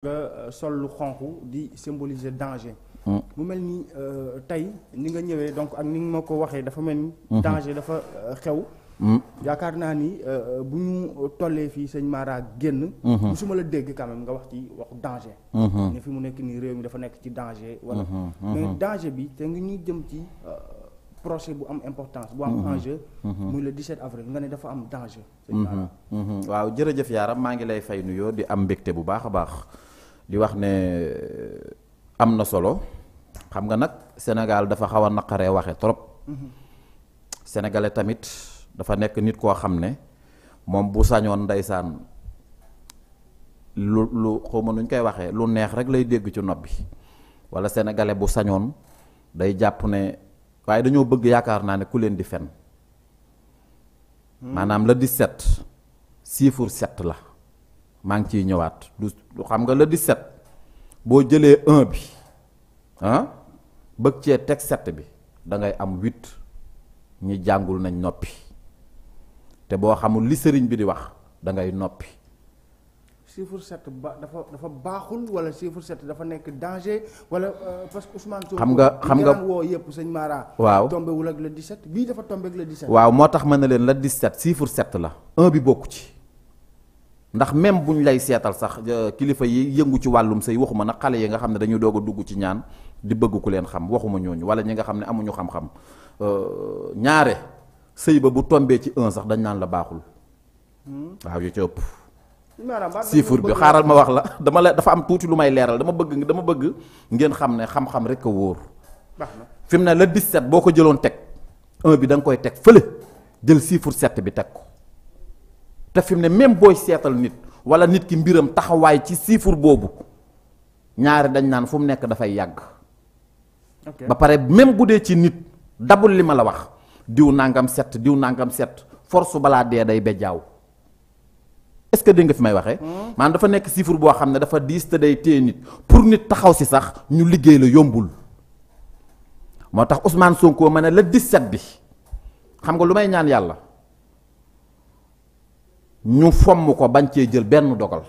nga euh, sol lu xonq di symboliser danger. Mm. mu mel ni euh, tey ni nga ñëwee donc ak ni nga ma ko waxee dafa mel ni. Mm-hmm. danger dafa euh, xew. Mm. yaakaar naa ni bu ñu tollee fii sëñ Mara génn. Mm-hmm. musuma la dégg quand nga wax ci waxu danger. Mm-hmm. ne fi mu nekk nii réew mi dafa nekk ci danger. wala mais danger bi te ngi ñuy jëm ci procès bu am importance. bu am enjeu. muy le 17 avril nga ne dafa am danger. sëñ Mara waaw jërëjëf yaaram maa ngi lay fay nuyoo di am mbégte bu baax a baax. di wax ne euh, am na solo xam nga nag Sénégal dafa xaw a naqaree waxe trop sénégalais tamit dafa nekk nit koo xam ne moom bu sañoon ndeysaan lu lu xaw xawma nuñ koy waxee lu neex rek lay dégg ci noppi bi wala sénégalais bu sañoon day jàpp ne waaye dañoo bëgg yaakaar naa ne ku leen di fen hmm. maanaam la 17 chiffre 7 la maa ngi ciy ñëwaat lu xam nga la di 17 boo jëlee 1 bi ah bëgg cee teg 7 bi da ngay am 8 ñi jàngul nañ noppi te boo xamul li sëriñ bi di wax da ngay noppi. chiffre 7 ba dafa dafa baaxul wala chiffre 7 dafa nekk danger wala euh, parce que Ousmane. xam nga xam nga woo yëpp sëñ Mara. waaw tombé wul ak le bii dafa tombé ak le 17. waaw moo tax ma ne leen le 17 chiffre 7 la 1 bi bokku ci. ndax même bu ñu lay seetal sax euh, kilifa yi yëngu ci wàllum sëy waxuma nag xale yi nga xam ne dañuy doog a dugg ci ñaan di bëgg ku leen xam waxuma ñooñu wala ñi nga xam ne amuñu xam-xam euh, ñaare sëy bu tombee ci un sax dañ naan la baaxul. yu ci ëpp. chiffre bi xaaral ma wax la dama la dafa am tuuti lu may leeral dama bëgg dama bëgg ngeen xam ne xam rek a wóor. fi mu ne la 17 boo ko jëloon teg un bi da nga koy teg fële jël chiffre 7 bi teg ko. te fi mu ne même booy seetal nit wala nit ki mbiram taxawaay ci chiffre boobu ñaari dañ naan fu mu nekk dafay yàgg. ba pare même bu dee ci nit dabul li ma la wax diw nangam set diw nangam set force balaa dee day bejjaaw est-ce que dégg fi may waxee. Hmm. maanaam dafa nekk chiffre boo xam ne dafa diis te day téye nit pour nit taxaw si sax ñu liggéey la yombul. moo tax Ousmane Sonko ma ne la set bi xam nga lu may ñaan yàlla. ñu fomm ko bañ cee jël benn dogal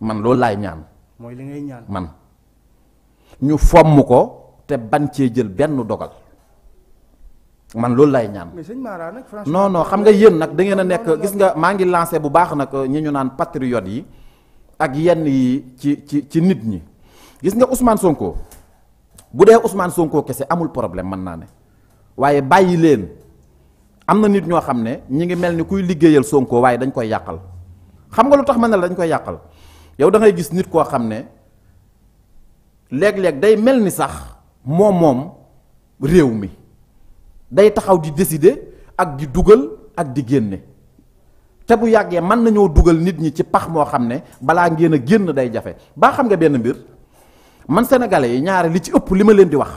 man loolu laay ñaan. mooy li ngay ñaan man ñu fomm ko te bañ cee jël benn dogal man loolu laay ñaan. mais sëñ Mara nag franchement xam nga yéen nag da ngeen a nekk gis nga maa ngi lancé bu baax nag euh, ñi ñu naan patriote yi ak yenn yi ci ci ci nit ñi gis nga usmaan Sonko bu dee Ousmane Sonko kese amul problème mën naa ne waaye bàyyi leen. am na nit ñoo xam ne ñi ngi mel ni kuy liggéeyal Sonko waaye dañ koy yàqal xam nga lu tax ma ne la dañ koy yàqal yow da gis nit koo xam ne léeg-léeg day mel ni sax moom moom réew mi day taxaw di décider ak di dugal ak di génne te bu yàggee mën nañoo dugal nit ñi ci pax moo xam ne balaa ngeen a génn day jafe baa xam nga benn mbir man senegale yi ñaare li ci ëpp li ma leen di wax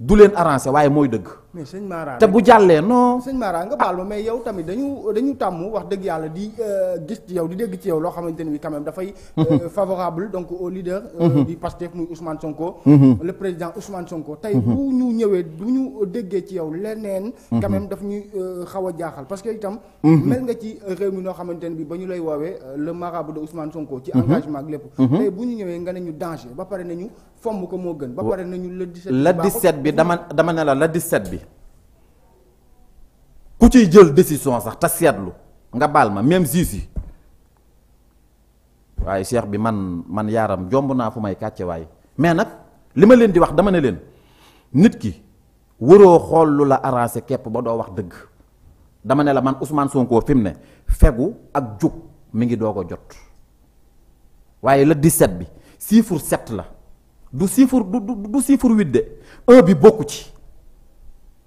du leen arrangé waaye mooy dëgg. mais sëñ Mara te bu jàllee non. sëñ Mara nga baal ma mais yow tamit dañu dañu tàmm wax dëgg yàlla di euh, gis ci yow di dégg ci yow loo xamante ni quand même dafay. Mhm. Euh, favorable donc au leader. Euh, mhm. du Pastef muy Ousmane Sonko. Mhm. le président Ousmane Sonko. tey ñu ñëwee bu ñu déggee ci yow leneen. quand même daf ñuy xaw a jaaxal parce que itam. mel nga ci réew mi noo xamante ne bi ba ñu lay woowee le marabout de Ousmane Sonko. ci engagement ak lépp. tey bu ñu ñëwee nga ne ñu danger ba pare nañu fomb ko moo gën. ba pare nañu le bi la 17 bi dama dama ne la la 17 bi. ku ci jël décision sax te seetlu nga baal ma même juge yi waaye cheikh bi man man yaaram jomb naa fu may kàcce waay mais nag li ma leen di wax dama ne leen nit ki waroo xool lu la arrangé képp ba doo wax dëgg dama ne la man Ousmane Sonko fi ne fegu ak jug mi ngi doog a jot waaye le 17 bi chiffre 7 la du chiffre du du chiffre 8 de 1 bi bokku ci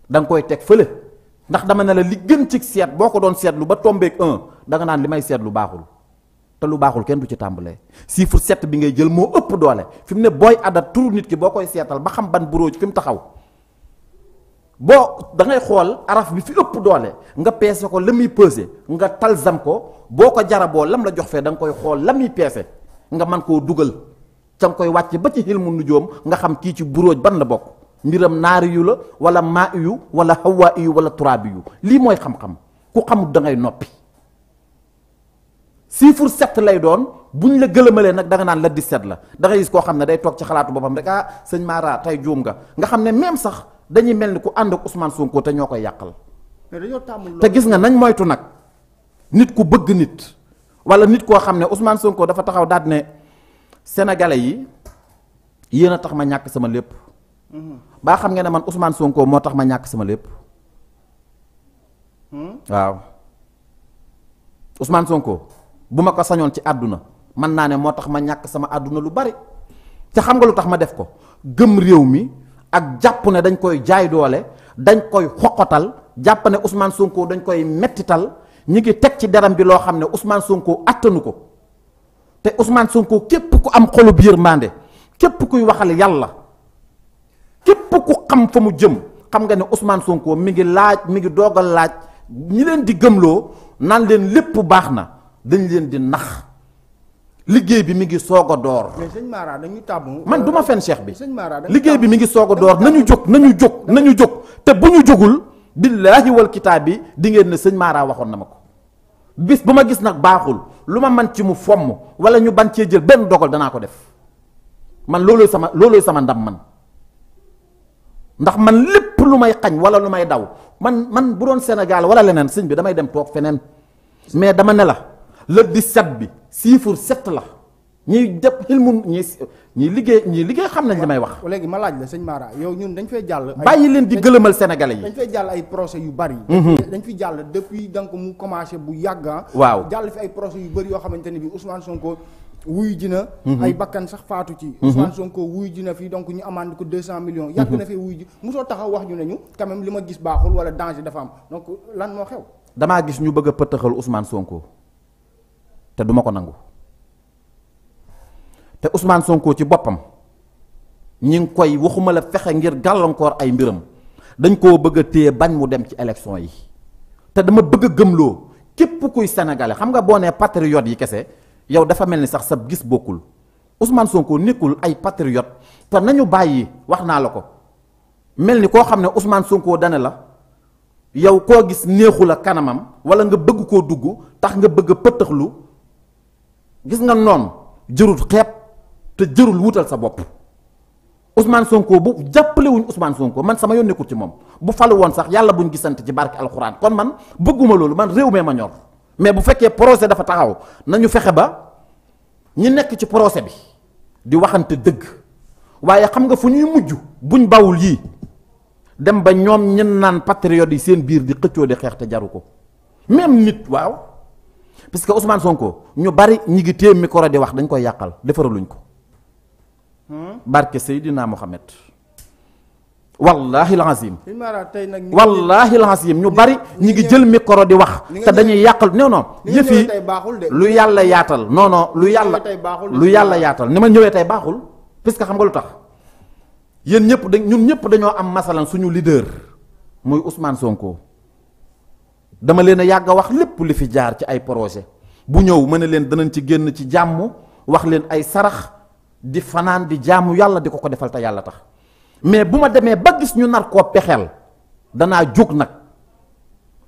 danga koy teg fële. ndax dama ne la li gën ci seet boo ko doon seetlu ba tombeek un da naan li may seet lu baaxul te lu baaxul kenn du ci tàmbalee chiffre sept bi ngay jël moo ëpp doole fi mu ne booy adat turu nit ki boo koy seetal ba xam ban bureau fi mu taxaw boo da ngay xool araf bi fi ëpp doole nga peese ko la muy peese nga talzam ko boo ko jaraboo lam la jox fee da nga koy xool la muy peese nga man koo dugal ca nga koy wàcc ba ci mu nujoom nga xam kii ci burooj ban la bokk mbiram naari yu la wala maa yu wala hawaa yu wala turaabi lii mooy xam-xam ku xamut da noppi chiffre sept lay doon buñ la gëlëmalee nag da nga naan la dix-sept la da gis koo xam ne day toog ci xalaatu boppam rek ah sëñ Mara tey juum nga nga xam ne même sax dañuy mel ni ku ànd ak Ousmane Sonko te ñoo koy yàqal. te gis nga nañ moytu nag nit ku bëgg nit wala nit koo xam ne Ousmane Sonko dafa taxaw daat ne sénégalais yi yéen a tax ma ñàkk sama lépp. baa xam nga ne man Ousmane sonkoo moo tax ma ñàkk sama lépp hmm? waaw Ousmane Sonko bu ma ko sañoon ci àdduna man naa ne moo tax ma ñàkk sama àdduna lu bari te xam nga lu tax ma def ko gëm réew mi ak jàpp ne dañ koy jaay doole dañ koy xoqotal jàpp ne usmaan Sonko dañ koy mettital ñi ngi teg ci deram bi loo xam ne Ousmane Sonko àttanu ko te Ousmane Sonko képp ku am xolu biir mande képp kuy waxal yàlla képp ku xam fa mu jëm xam nga ne Ousmane Sonko mi ngi laaj mi ngi doog laaj ñi leen di gëmloo naan leen lépp baax na dañ leen di nax liggéey bi mi ngi soog a door. mais sëñ Mara dañuy tàmm man du ma euh, fenn cheikh bi sëñ Mara liggéey bi mu ngi soog a door nañu jóg nañu jóg nañu jóg te bu ñu jógul billaahi wal kitaab bi di ngeen ne sëñ Mara waxoon na ma ko bis bu ma gis nag baaxul lu ma man ci mu fomm wala ñu ban cee jël benn dogal danaa ko def man loolooy sama loolooy sama ndam man. ndax man lépp lu may xañ wala lu may daw man man bu doon Sénégal wala leneen sëñ bi damay dem toog feneen mais dama ne la le set bi chiffre 7 la ñiy jëpp xilmun ñi ñi liggéey ñi liggéey xam nañ li may wax. léegi ma laaj la sëñ Mara yow ñun dañ fay jàll. bàyyi leen di gëlëmal sénégalais yi. dañ fay jàll ay procès yu bari. Mhm. dañ fi jàll depuis donc mu commencé bu yàgg ah. waaw jàll fi ay procès yu bari yoo xamante ne bi Ousmane Sonko. wuy ji na mhm. ay bakkan sax faatu ci mhm. Ousmane Sonko wuy ji na fii donc ñu amande ko deux sant millions yàgg na mhm. fee wuy ji mosoo taxaw wax ñu ne ñu quand li ma gis baaxul wala danger dafa am donc lan moo xew damaa gis ñu bëgg a pëtëxal Ousmane Sonko te duma ko nangu te Ousmane Sonko ci boppam ñi ngi koy waxuma la fexe ngir gàllankoor ay mbiram dañ koo bëgg a téye bañ mu dem ci élection yi te dama bëgg a gëmloo képp kuy sénégalais xam nga boo nee patriote yi kese yow dafa mel ni sax sa gis bokkul Ousmane Sonko nekkul ay patriote te nañu bàyyi wax naa la ko mel ni koo xam ne usmaan sonkoo dana la yow koo gis neexu la kanamam wala nga bëgg koo dugg tax nga bëgg a pëtëxlu gis nga noonu jërul xeeb te jërul wutal sa bopp Ousmane sonkoo bu jàppale wuñ Ousmane Sonko man sama yoon nekkul ci moom bu falu woon sax yàlla buñ gisante ci barke alxuraan kon man bëgguma loolu man réew mee ma ñor. mais bu fekkee procès dafa taxaw nañu fexe ba ñu nekk ci procès bi di waxante dëgg waaye xam nga fu ñuy mujj buñ bawul yii dem ba ñoom ñen naan patriotes yi seen biir di xëccoo di xeex te jaru ko même nit waaw parce que Ousmane Sonko ñu bari ñi ngi téye micro di wax dañ koy yàqal defaraluñ ko hmm? barke Seydina Mohamed wallahi alazim wallahi yiim ñu bari ñi ngi jël micro di wax te dañuy yàqal non non yëf yi lu yàlla yaatal non lu yàlla lu yàlla yaatal ni ma ñëwee tey baaxul puisque xam nga lu tax yéen ñëpp dañ ñun ñëpp dañoo am masalan suñu leader muy Ousmane Sonko dama leen a yàgg wax lépp li fi jaar ci ay projet bu ñëw mën a leen danañ ci génn ci jàmm wax leen ay sarax di fanaan di jàmm yàlla di ko ko defal te yàlla tax mais bu ma demee ba gis ñu nar koo pexeel danaa jóg nag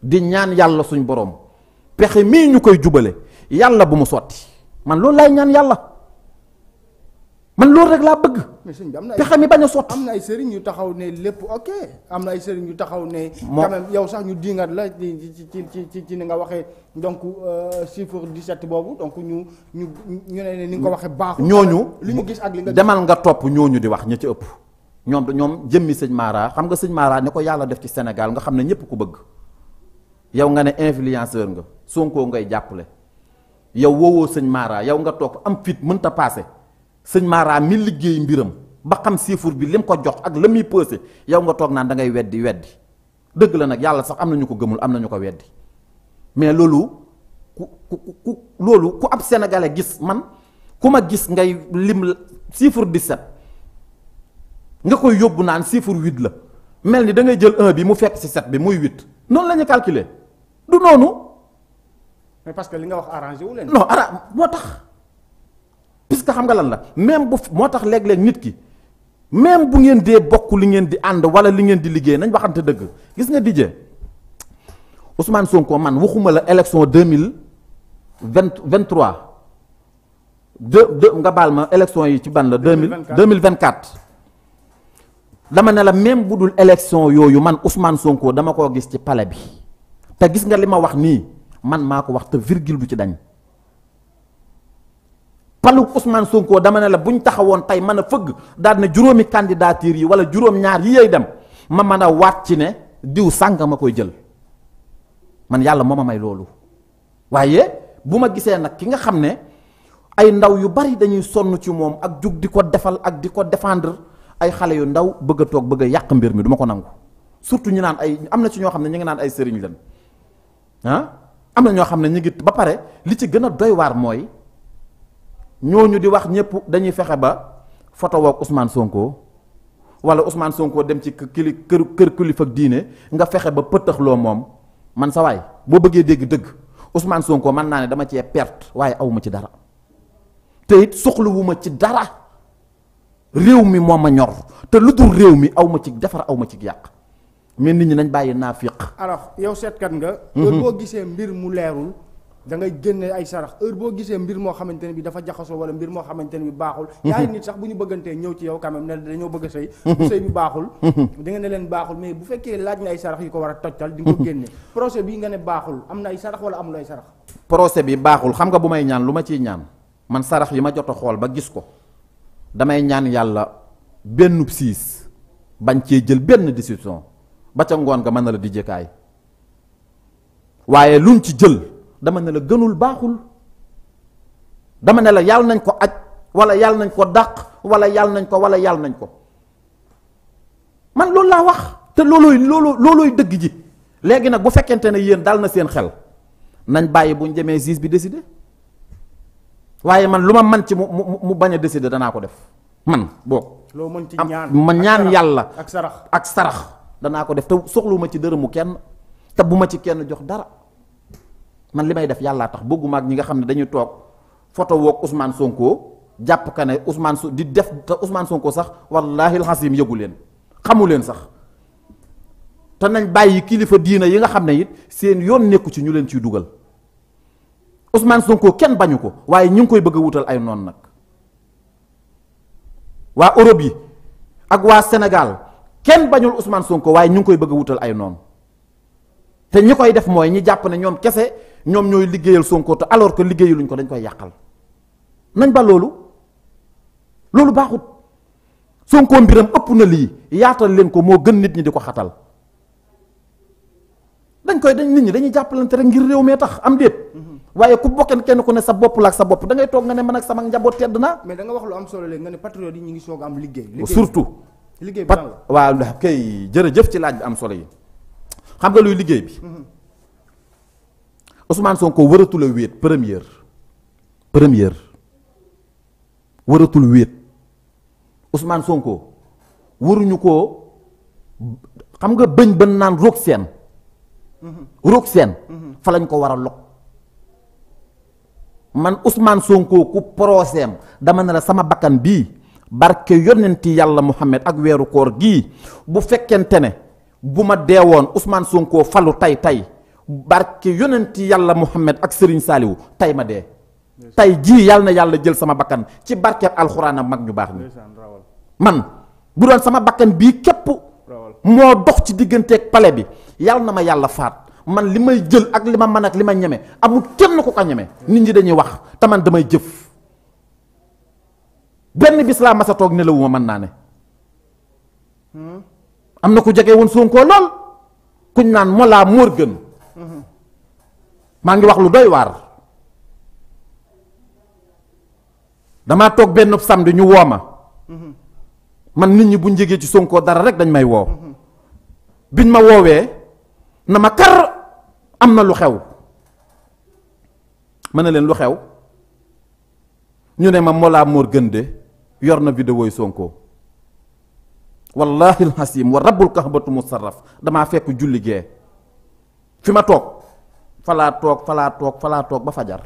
di ñaan yàlla suñ borom pexe mii ñu koy jubale yàlla bu mu sotti man loolu laay ñaan yàlla man loolu rek laa bëgg. mais sëñ bi am na ay pexe mi bañ a sotti. am ay sëriñ yu taxaw ne lépp ok am na ay sëriñ yu taxaw ne. moom yow sax ñu diingat la ci ci ci ci ci ni nga waxee donc euh, chiffre 17 boobu donc ñu ñu ñu ne ni nga ko waxee baaxul. ñooñu lu ñu gis ak li nga. demal nga topp ñu di wax ñu ci ëpp. ñoom ñoom jëmmi sëñ maaraa xam nga sëñ maaraa ni ko yàlla def ci Sénégal nga xam ne ñëpp ko bëgg yow nga ne influenceur nga Sonko ngay jàppale yow woowoo sëñ Mara yow nga toog am fit mënta paase sëñ Mara mi liggéey mbiram ba xam siifur bi lim ko jox ak la muy peese yow nga toog naan da ngay weddi weddi dëgg la nag yàlla sax am na ñu ko gëmul am na ñu ko weddi mais loolu ku ku ku loolu ku ab sénégalais gis man ku ma gis ngay lim siifur 17. nga koy yóbbu naan chiffre huit la mel ni da ngay jël un bi mu fekk ci sept bi muy huit noonu la ñu calculer du noonu. mais parce que li nga wax arrangé wu leen. non ara moo tax puisque xam nga lan la même bu moo tax léeg-léeg nit ki même bu ngeen dee bokk li ngeen di ànd wala li ngeen di liggéey nañ waxante dëgg gis nga DJ Ousmane Sonko man waxuma la élection deux mille vingt vingt trois de de nga baal ma élection yi ci ban la. deux mille vingt quatre dama ne la même bu dul élection yooyu man Ousmane sonkoo dama koo gis ci pale bi te gis nga li ma wax nii man maa ko wax te virgule bu ci dañ palu Ousmane Sonko dama ne la buñ taxawoon tey mën a fëgg daal na juróomi candidature yi wala juróom-ñaar yi yay dem ma mën a waat ci ne diw sànga ma koy jël man yàlla moo ma may loolu waaye bu ma gisee nag ki nga xam ne ay ndaw yu bari dañuy sonn ci moom ak jug di ko defal ak di ko défendre ay xale yu ndaw bëgga toog bëgg yàq mbir mi duma ko nangu surtout ñu naan ay am na ci ñoo xam ne ñu ngi naan ay sëriñ lan ah? am na ñoo xam ne ñu ngi ba pare li ci gën a doy waar mooy ñooñu di wax ñëpp dañuy fexe ba photo woog Ousmane Sonko wala Ousmane Sonko dem ci kili kër kër kilifa diine nga fexe ba pëtëxloo moom man sa waay boo bëggee dégg dëgg Ousmane Sonko man naa ne dama cee perte waaye awma ci dara te it ci dara. réew mi moo ma ñor te lu dul réew mi aw ma ci defar aw ma ci yàq mais nit ñi nañ bàyyi naafiq alors yow seetkat nga. Mhm. heure boo gisee mbir mu leerul da ngay génne ay sarax heure boo gisee mbir moo xamante ne bi dafa jaxasoo wala mbir moo xamante ne bi baaxul. Mhm. yaay nit sax bu ñu bëggantee ñëw ci yow quand même ne dañoo bëgg a sëy. Mhm. bu sëy bi baaxul. di nga ne leen baaxul mais bu fekkee laaj na ay sarax yu ko war a tojtal di nga ko génne procès bii nga ne baaxul am na ay sarax wala amul ay sarax. procès bi baaxul xam nga bu may ñaan lu ma ciy ñaan man sarax yi ma jot a xool ba gis ko damay ñaan yàlla benn siis bañ cee jël benn décision ba ca ngoon nga mën na la di jëkkaay waaye luñ ci jël dama ne la gënul baaxul dama ne la yàlla nañ ko aj wala yàlla nañ ko dàq wala yàlla nañ ko wala yàlla nañ ko man loolu laa wax te loolooy looloo loolooy dëgg ji léegi nag bu fekkente ne yéen dal na seen xel nañ bàyyi buñ demee juge bi décider waaye man lu ma man ci mu mu mu bañ a décider danaa ko def man boog. loo mën ci ñaan ma ñaan yàlla. ak sarax ak sarax danaa ko def te soxluma ma ci dërëmu kenn te bu ma ci kenn jox dara man li may def yàllaa tax bëgguma ak ñi nga xam ne dañuy toog photo woog usmaan Sonko jàpp ka ne Ousmane Sonko di def te Sonko sax wallaahi alxasim yëgu leen xamu leen sax. te nañ bàyyi kilifa diina yi nga xam ne it seen yoon nekku ci ñu leen ciy dugal. Ousmane Sonko kenn bañu ko waaye ñu ngi koy bëgg a wutal ay noon nag waa Europe yi ak waa senegal kenn bañul Ousmane Sonko waaye ñu koy bëgg a wutal ay noon te ñi koy def mooy ñi jàpp ne ñoom kese ñoom ñooy liggéeyal Sonko te alors que liggéeyaluñ ko dañ koy yàqal nañ ba loolu loolu baaxut Sonko mbiram ëpp na lii yaatal leen ko moo gën nit ñi di ko xatal dañ koy dañ nit ñi dañuy jàppalante rek ngir réew mee tax am déet. waaye ku bokkeen kenn ku ne sa bopp la ak sa bopp da ngay toog nga ne man ak sama njaboot tedd na. mais da nga wax lu am solo léegi nga ne patriote yi ñu ngi soog am liggéey. liggéey surtout. liggéey bi waaw kay jërëjëf ci laaj bi am solo yi xam nga luy liggéey bi. Mhm. Ousmane Sonko wëratul a wéet première wëratul wéet Ousmane Sonko waruñu ko xam nga bëñ bën naan roog seen. Mhm. roog seen. Mhm. fa lañ ko war a lokk man Ousmane Sonko ku procès dama ne la sama bakkan bii barke yonenti yàlla Muhammad ak weeru koor gii bu fekkente ne bu ma dee woon Ousmane Sonko falu tey tey barke yonenti yàlla Muhammad ak Serigne Saliou tey ma dee. tey jii yàlla na yàlla jël sama bakkan ci alxuraan alxuraanam mag ñu baax ni man bu doon sama bakkan bii képp moo dox ci digganteeg pale bi yàlla na ma yàlla faat. man li may jël ak li ma mën ak li ma ñeme amul kenn ku ko ñeme nit ñi dañuy wax te man damay jëf benn bis laa masa toog nelawuma mën naa ne am na ku jege woon sonkoo lool kuñ naan Mollah Morgun maa ngi wax lu doy waar damaa toog benn samedi ñu woo ma man nit ñi bu njëgee ci sonkoo dara rek dañ may woo biñ ma woowee na ma kar am na lu xew ma ne leen lu xew ñu ne ma Mollah Morgun de yor na vidéo yi Sonko wallahi alxasim wa rabbul kahbatu musarraf damaa fekk julli gee fi ma toog falaa toog falaa toog ba fajar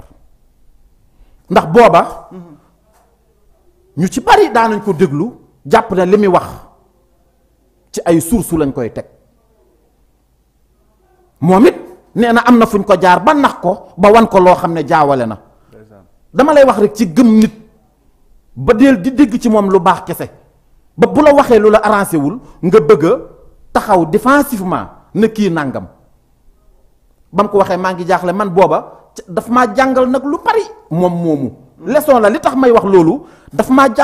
ndax booba ñu ci bari daanañ ko déglu jàpp na li muy wax ci ay sources lañ koy teg moom it nee na am na fuñ ko jaar ba nax ko ba wan ko loo xam ne jaawale na dama lay wax rek ci gëm nit ba deel di dégg ci moom lu baax kese ba bu la waxee lu la arrangé wul nga bëgg a taxaw défensivement ne kii nàngam ba mu ko waxee maa ngi jaaxle man booba daf maa jàngal nag lu bari moom moomu leçon la li tax may wax loolu daf maa